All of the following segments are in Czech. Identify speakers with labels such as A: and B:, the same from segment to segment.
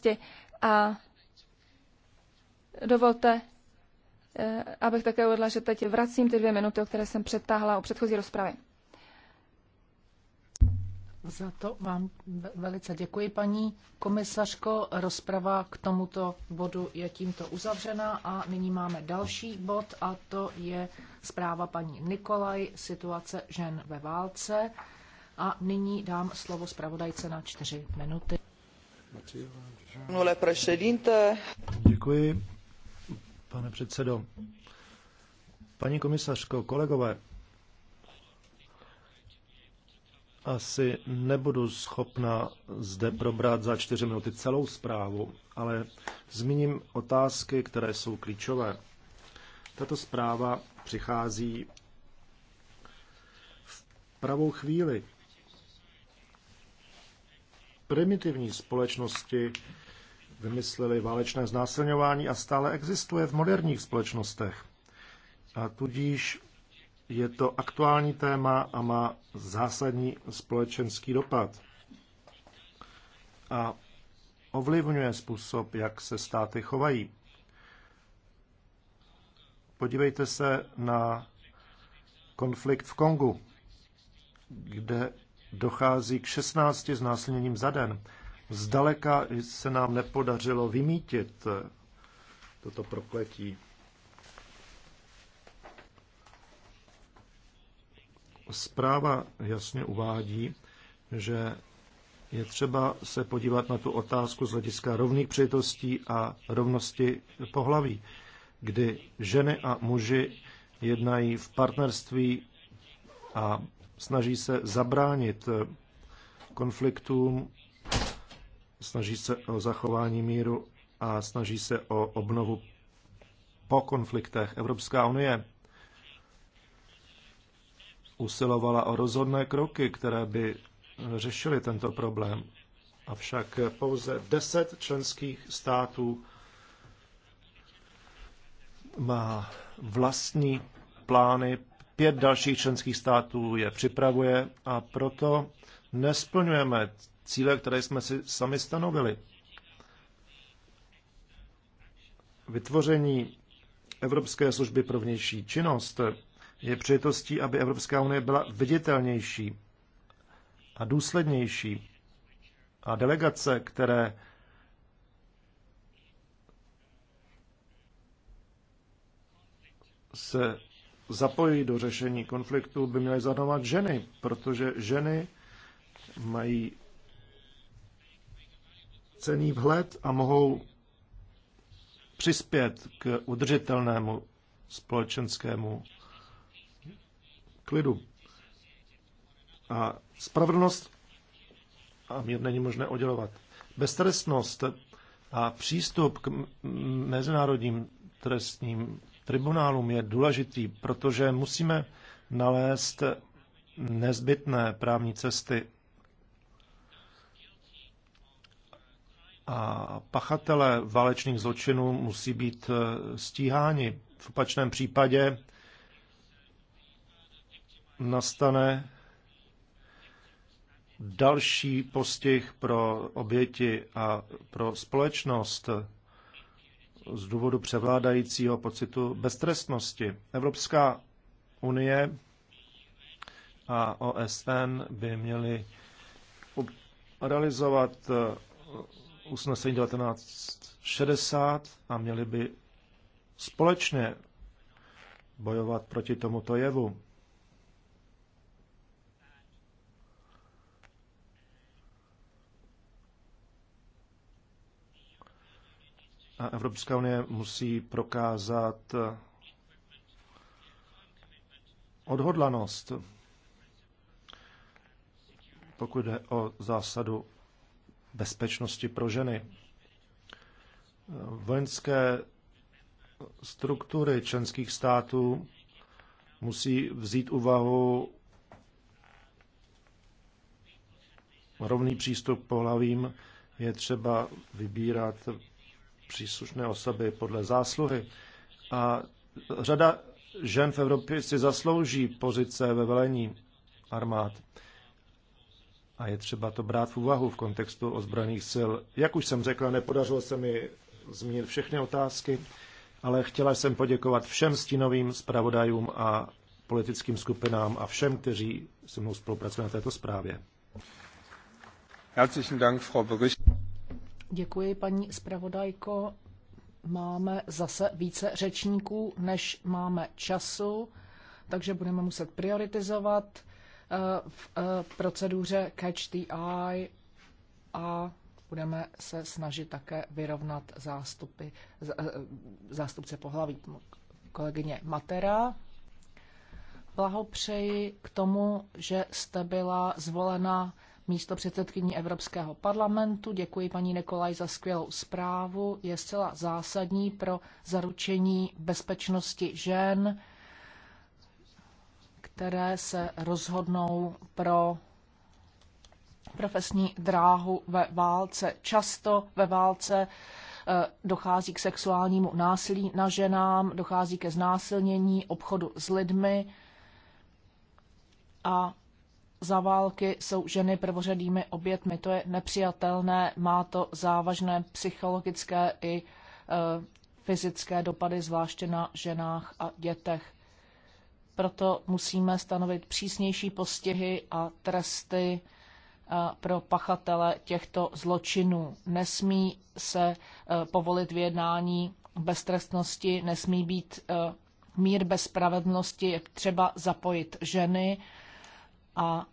A: oblasti. A dovolte, eh, abych také uvedla, že teď vracím ty dvě minuty, o které jsem přetáhla u předchozí rozpravy.
B: Za to vám velice děkuji, paní komisařko. Rozprava k tomuto bodu je tímto uzavřena a nyní máme další bod a to je zpráva paní Nikolaj, situace žen ve válce. A nyní dám slovo zpravodajce na čtyři minuty.
C: Děkuji, pane předsedo. Paní komisařko, kolegové, asi nebudu schopna zde probrat za čtyři minuty celou zprávu, ale zmíním otázky, které jsou klíčové. Tato zpráva přichází v pravou chvíli, primitivní společnosti vymysleli válečné znásilňování a stále existuje v moderních společnostech. A tudíž je to aktuální téma a má zásadní společenský dopad. A ovlivňuje způsob, jak se státy chovají. Podívejte se na konflikt v Kongu, kde dochází k 16 znásilněním za den. Zdaleka se nám nepodařilo vymítit eh, toto prokletí. Zpráva jasně uvádí, že je třeba se podívat na tu otázku z hlediska rovných přejitostí a rovnosti pohlaví, kdy ženy a muži jednají v partnerství a snaží se zabránit eh, konfliktům, snaží se o zachování míru a snaží se o obnovu po konfliktech. Evropská unie usilovala o rozhodné kroky, které by řešily tento problém. Avšak pouze deset členských států má vlastní plány Pět dalších členských států je připravuje a proto nesplňujeme cíle, které jsme si sami stanovili. Vytvoření Evropské služby pro vnější činnost je přijetostí, aby Evropská unie byla viditelnější a důslednější. A delegace, které se zapojí do řešení konfliktu, by měly zahrnovat ženy, protože ženy mají cený vhled a mohou přispět k udržitelnému společenskému klidu. A spravedlnost a mír není možné oddělovat. Beztrestnost a přístup k mezinárodním trestním tribunálům je důležitý, protože musíme nalézt nezbytné právní cesty a pachatele válečných zločinů musí být eh, stíháni. V opačném případě nastane další postih pro oběti a pro společnost z důvodu převládajícího pocitu beztrestnosti. Evropská unie a OSN by měly realizovat eh, usnesení 1960 a měli by společně bojovat proti tomuto jevu. A Evropská unie musí prokázat odhodlanost, pokud jde o zásadu bezpečnosti pro ženy. Vojenské struktury členských států musí vzít úvahu rovný přístup pohlavím, je třeba vybírat příslušné osoby podle zásluhy. A řada žen v Evropě si zaslouží pozice ve velení armád. A je třeba to brát v úvahu v kontextu ozbrojených sil. Jak už jsem řekla, nepodařilo se mi zmínit všechny otázky, ale chtěla jsem poděkovat všem stínovým zpravodajům a politickým skupinám a všem, kteří se mnou spolupracují na této zprávě. Herzlichen Dank, Frau Bericht.
B: Děkuji, paní zpravodajko. Máme zase více řečníků, než máme času, takže budeme muset prioritizovat eh, v eh, proceduře Catch the Eye a budeme se snažit také vyrovnat zástupy, eh, zástupce pohlaví. Kolegyně Matera, blahopřeji k tomu, že jste byla zvolena místo předsedkyní Evropského parlamentu. Děkuji paní Nikolaj za skvělou zprávu. Je zcela zásadní pro zaručení bezpečnosti žen, které se rozhodnou pro profesní dráhu ve válce. Často ve válce eh, dochází k sexuálnímu násilí na ženám, dochází ke znásilnění, obchodu s lidmi a za války jsou ženy prvořadými obětmi. To je nepřijatelné, má to závažné psychologické i e, fyzické dopady, zvláště na ženách a dětech. Proto musíme stanovit přísnější postihy a tresty e, pro pachatele těchto zločinů. Nesmí se e, povolit vyjednání beztrestnosti, nesmí být mír bez spravedlnosti, je třeba zapojit ženy a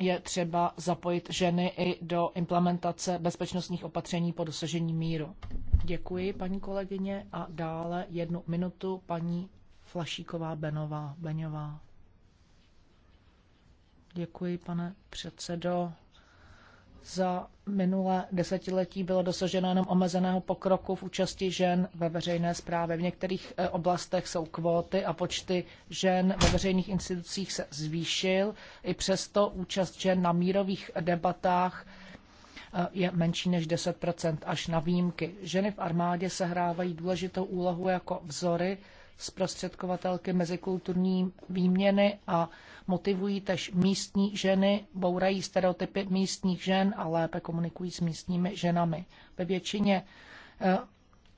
B: je třeba zapojit ženy i do implementace bezpečnostních opatření po dosažení míru. Děkuji, paní kolegyně, a dále jednu minutu paní Flašíková Benová. Beňová. Děkuji, pane předsedo za minulé desetiletí bylo dosaženo jenom omezeného pokroku v účasti žen ve veřejné správě. V některých eh, oblastech jsou kvóty a počty žen ve veřejných institucích se zvýšil. I přesto účast žen na mírových debatách eh, je menší než 10 až na výjimky. Ženy v armádě sehrávají důležitou úlohu jako vzory zprostředkovatelky mezikulturní výměny a motivují tež místní ženy, bourají stereotypy místních žen a lépe komunikují s místními ženami. Ve většině eh,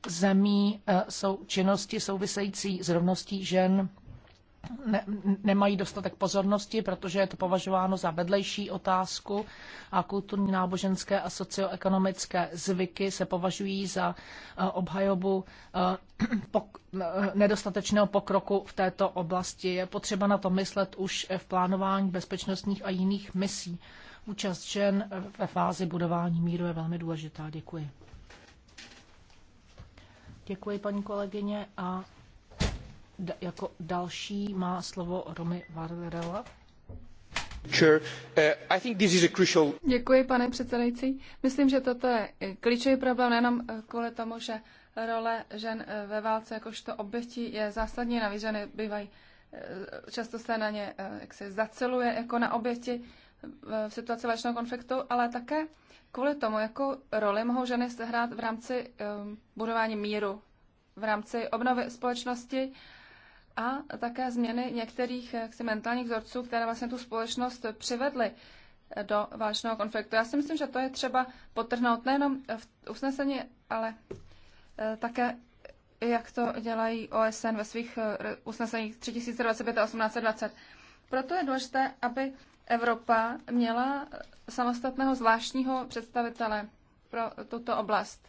B: zemí eh, jsou činnosti související s rovností žen ne, nemají dostatek pozornosti, protože je to považováno za vedlejší otázku a kulturní, náboženské a socioekonomické zvyky se považují za eh, obhajobu eh, pok, eh, nedostatečného pokroku v této oblasti. Je potřeba na to myslet už v plánování bezpečnostních a jiných misí. Účast žen ve fázi budování míru je velmi důležitá. Děkuji. Děkuji, paní kolegyně, a jako další má slovo Romy Varderella. Eh, Děkuji, pane předsedající. Myslím, že toto je eh, klíčový problém
A: nejenom eh, kvůli tomu, že role žen ve válce jakožto obětí je zásadní, navíc ženy bývají, často se na ně jak se zaceluje jako na oběti v situaci válečného konfliktu, ale také kvůli tomu, jakou roli mohou ženy sehrát v rámci budování míru, v rámci obnovy společnosti a také změny některých eh, jaksi, mentálních vzorců, které vlastně tu společnost přivedly eh, do válečného konfliktu. Já si myslím, že to je třeba potrhnout nejenom v usnesení, ale eh, také jak to dělají OSN ve svých usneseních 3025 a 1820. Proto je důležité, aby Evropa měla samostatného zvláštního představitele pro tuto oblast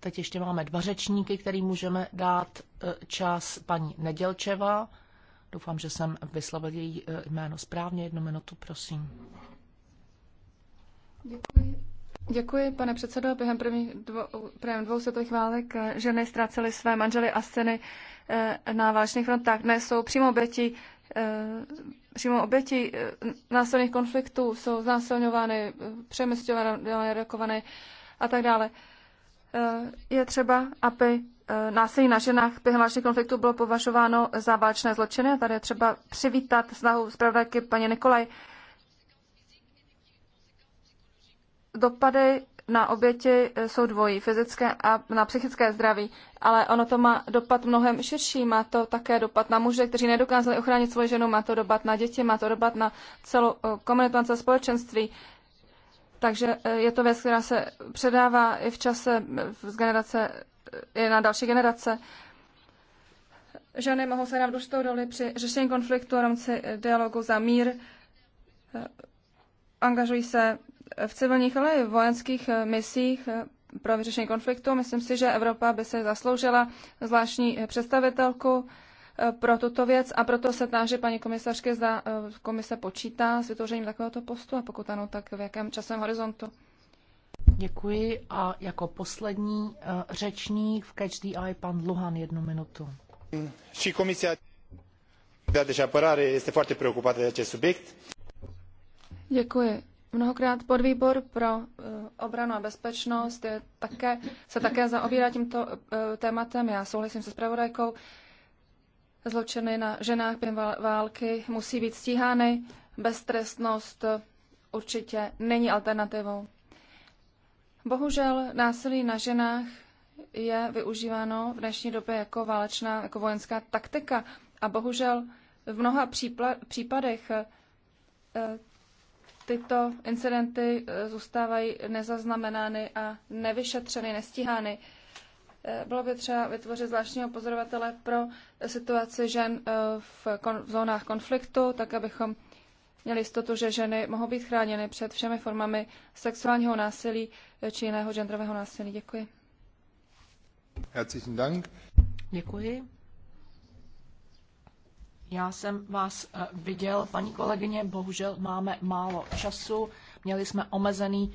B: Teď ještě máme dva řečníky, kterým můžeme dát e, čas paní Nedělčeva. Doufám, že jsem vyslovil její e, jméno správně. Jednu minutu, prosím.
A: Děkuji. Děkuji, pane předsedo. Během prvních dvou, prvních dvou světových válek e, ženy ztrácely své manžely a syny na válečných frontách. Dnes jsou přímo oběti, přímo oběti násilných konfliktů, jsou znásilňovány, přemysťované, redakované a tak dále. Eh, je třeba, aby eh, násilí na ženách během válečných konfliktů bylo považováno za válečné zločiny. tady je třeba přivítat snahu zpravodajky paní Nikolaj. Dopady na oběti eh, jsou dvojí, fyzické a na psychické zdraví, ale ono to má dopad mnohem širší. Má to také dopad na muže, kteří nedokázali ochránit svoji ženu, má to dopad na děti, má to dopad na celou komunitu, na společenství. Takže eh, je to věc, která se předává i v čase z generace, eh, i na další generace. Ženy mohou se hrát důležitou roli při řešení konfliktu v rámci eh, dialogu za mír. Angažují se v civilních, ale i v vojenských misích pro vyřešení konfliktu. Myslím si, že Evropa by se zasloužila zvláštní představitelku pro tuto věc a proto se táže paní komisařky, zda eh, komise počítá s vytvořením takovéhoto postu a pokud ano, tak v
B: jakém časovém horizontu. Děkuji a jako poslední eh, řečník v Catch the Eye pan Luhan jednu minutu.
C: Și Comisia de Apărare este foarte preocupată de acest subiect.
B: Děkuji.
A: Mnohokrát podvýbor pro eh, obranu a bezpečnost je také, se také zaobírá tímto tématem. Já souhlasím se zpravodajkou. Zločiny na ženách během války musí být stíhány. Beztrestnost určitě není alternativou. Bohužel násilí na ženách je využíváno v dnešní době jako válečná, jako vojenská taktika. A bohužel v mnoha případech eh, tyto incidenty eh, zůstávají nezaznamenány a nevyšetřeny, nestíhány. Eh, bylo by třeba vytvořit zvláštního pozorovatele pro situaci žen eh, v, kon- v zónách konfliktu, tak abychom měli jistotu, že ženy mohou být chráněny před všemi formami sexuálního násilí eh, či jiného genderového násilí. Děkuji.
C: Herzlichen Dank.
B: Děkuji. Já jsem vás viděl, paní kolegyně, bohužel máme málo času, měli jsme omezený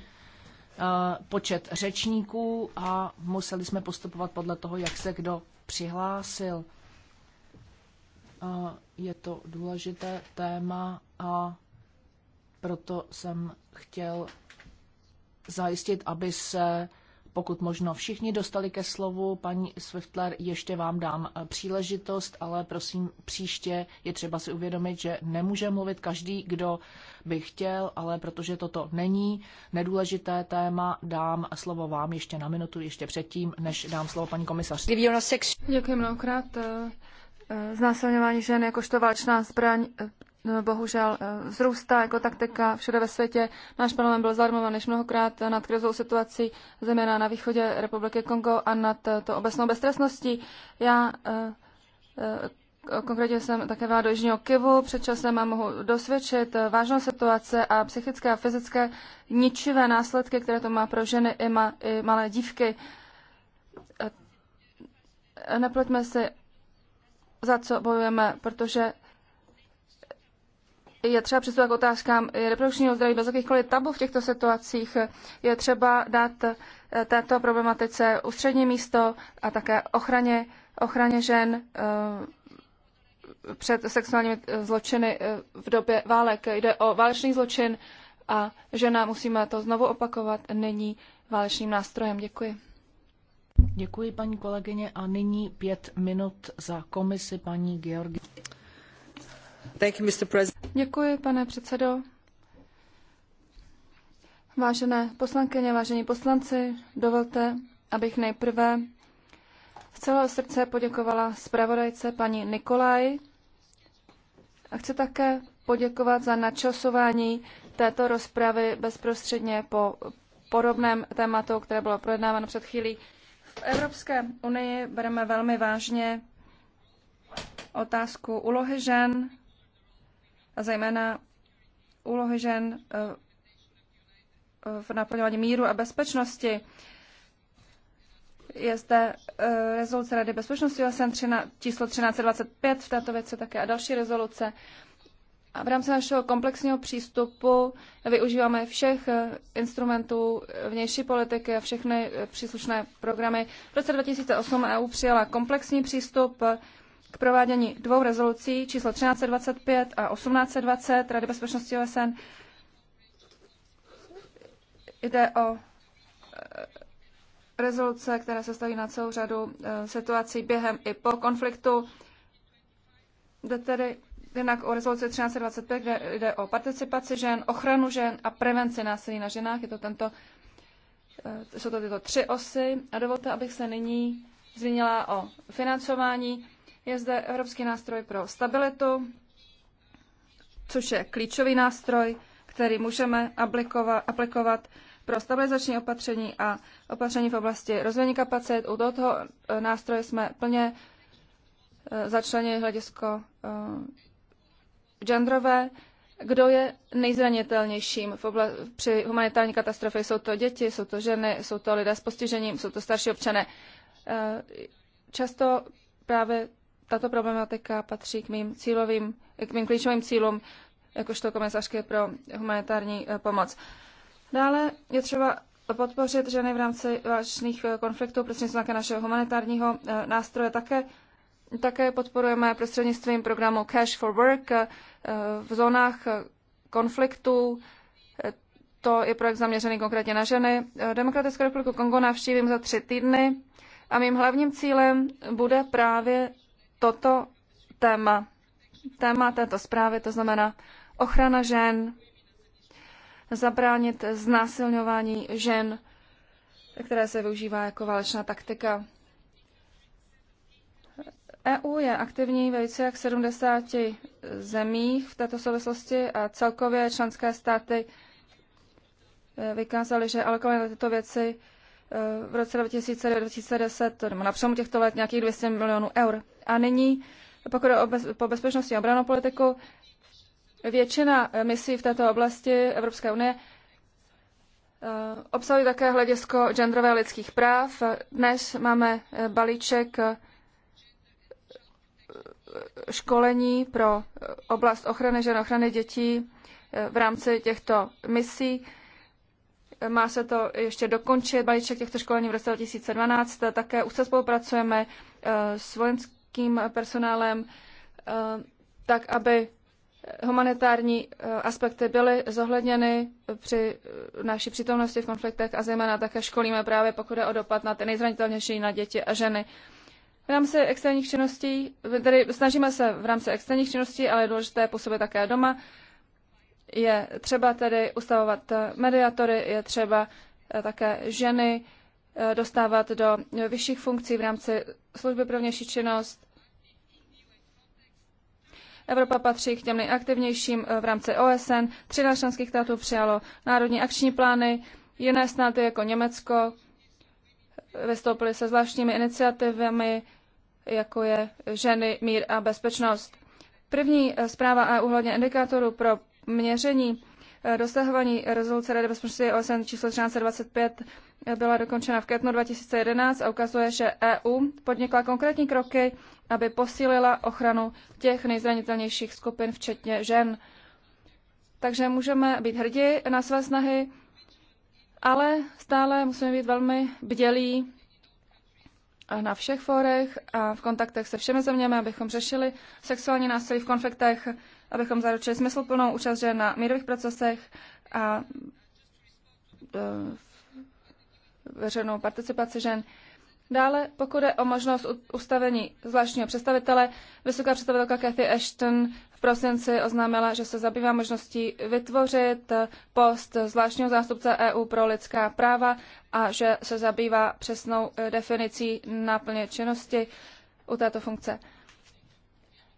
B: Eh, počet řečníků a museli jsme postupovat podle toho, jak se kdo přihlásil. Eh, je to důležité téma a proto jsem chtěl zajistit, aby se pokud možno všichni dostali ke slovu. Paní Swiftler, ještě vám dám eh, příležitost, ale prosím příště je třeba si uvědomit, že nemůže mluvit každý, kdo by chtěl, ale protože toto není nedůležité téma, dám slovo vám ještě na minutu, ještě předtím, než dám slovo paní komisařce. No Děkuji mnohokrát. Eh, eh, znásilňování žen jakožto
A: válečná zbraň, bohužel eh, zrůstá jako taktika všude ve světě. Náš parlament byl zarmován než mnohokrát nad krizovou situací, zejména na východě Republiky Kongo a nad eh, to obecnou beztrestností. Já eh, konkrétně jsem také vládo Jižního Kivu před a mohu dosvědčit vážnou situace a psychické a fyzické ničivé následky, které to má pro ženy i, ma, i malé dívky. Nepleťme si, za co bojujeme, protože je třeba přistupovat k otázkám reprodukčního zdraví bez jakýchkoliv tabu v těchto situacích. Je třeba dát eh, této problematice ústřední místo a také ochraně, ochraně žen eh, před sexuálními eh, zločiny v době válek. Jde o válečný zločin a žena, musíme to znovu opakovat, není válečným nástrojem. Děkuji.
B: Děkuji, paní kolegyně. A nyní pět minut za komisi paní Georgi.
A: Thank you, Mr. President.
B: Děkuji, pane předsedo.
A: Vážené poslankyně, vážení poslanci, dovolte, abych nejprve z celého srdce poděkovala zpravodajce paní Nikolaj a chci také poděkovat za načasování této rozpravy bezprostředně po podobném tématu, které bylo projednáváno před chvílí. V Evropské unii bereme velmi vážně otázku úlohy žen a zejména úlohy žen eh, v naplňování míru a bezpečnosti. Je zde eh, rezoluce Rady bezpečnosti OSN číslo 1325 v této věci také a další rezoluce. A v rámci našeho komplexního přístupu využíváme všech eh, instrumentů vnější politiky a všechny příslušné programy. V roce 2008 EU přijala komplexní přístup k provádění dvou rezolucí číslo 1325 a 1820 Rady bezpečnosti OSN. Jde o eh, rezoluce, které se staví na celou řadu eh, situací během i po konfliktu. Jde tedy jednak o rezoluci 1325, kde jde o participaci žen, ochranu žen a prevenci násilí na ženách. Je to tento, eh, jsou to tyto tři osy. A dovolte, abych se nyní zmínila o financování. Je zde Evropský nástroj pro stabilitu, což je klíčový nástroj, který můžeme aplikovat, aplikovat pro stabilizační opatření a opatření v oblasti rozvojení kapacit. U tohoto eh, nástroje jsme plně eh, začlenili hledisko eh, genderové, kdo je nejzranitelnějším v obla- při humanitární katastrofě. Jsou to děti, jsou to ženy, jsou to lidé s postižením, jsou to starší občané. Často právě tato problematika patří k mým cílovým, k mým klíčovým cílům jakožto komisařky pro humanitární eh, pomoc. Dále je třeba podpořit ženy v rámci vážných eh, konfliktů prostřednictvím také našeho humanitárního eh, nástroje. Také, také podporujeme prostřednictvím programu Cash for Work v zónách konfliktů. To je projekt zaměřený konkrétně na ženy. Demokratickou republiku Kongo navštívím za tři týdny a mým hlavním cílem bude právě toto téma, téma této zprávy, to znamená ochrana žen, zabránit znásilňování žen, které se využívá jako válečná taktika. EU je aktivní ve více jak 70 zemích v této souvislosti a celkově členské státy vykázaly, že alkohol na tyto věci Eh, v roce 2010 nebo na přemu těchto let nějakých 200 milionů eur. A nyní, pokud je o bez, po bezpečnosti a obranou politiku, většina eh, misí v této oblasti Evropské unie eh, obsahuje také hledisko genderové lidských práv. Dnes máme balíček školení pro oblast ochrany žen, ochrany dětí v rámci těchto misí. Má se to ještě dokončit, balíček těchto školení v roce 2012. Také už se spolupracujeme eh, s vojenským personálem, eh, tak aby humanitární eh, aspekty byly zohledněny při naší přítomnosti v konfliktech a zejména také školíme právě pokud je o dopad na ty nejzranitelnější, na děti a ženy. V rámci externích činností, tedy snažíme se v rámci externích činností, ale je důležité působit také doma, je třeba tedy ustavovat mediatory, je třeba eh, také ženy eh, dostávat do vyšších funkcí v rámci služby pro vnější činnost. Evropa patří k těm nejaktivnějším eh, v rámci OSN. 13 členských států přijalo národní akční plány. Jiné státy jako Německo vystoupily se zvláštními iniciativami, jako je ženy, mír a bezpečnost. První zpráva EU hledně indikátorů pro měření. Dosahování rezoluce Rady bezpečnosti OSN číslo 1325 byla dokončena v květnu 2011 a ukazuje, že EU podnikla konkrétní kroky, aby posílila ochranu těch nejzranitelnějších skupin, včetně žen. Takže můžeme být hrdí na své snahy, ale stále musíme být velmi bdělí na všech fórech a v kontaktech se všemi zeměmi, abychom řešili sexuální násilí v konfliktech abychom zaručili smysluplnou účast žen na mírových procesech a e, veřejnou participaci žen. Dále, pokud je o možnost ustavení zvláštního představitele, vysoká představitelka Kathy Ashton v prosinci oznámila, že se zabývá možností vytvořit post zvláštního zástupce EU pro lidská práva a že se zabývá přesnou e, definicí náplně činnosti u této funkce.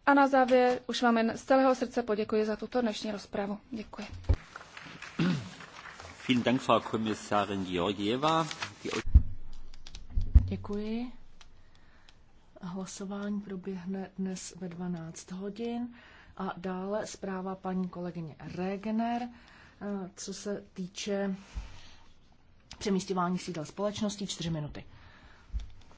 A: A na závěr už vám jen z celého srdce poděkuji za tuto dnešní rozpravu. Děkuji.
B: Děkuji. Hlasování proběhne dnes ve 12 hodin. A dále zpráva paní kolegyně Regener, eh, co se týče přemístěvání sídel společnosti, 4 minuty.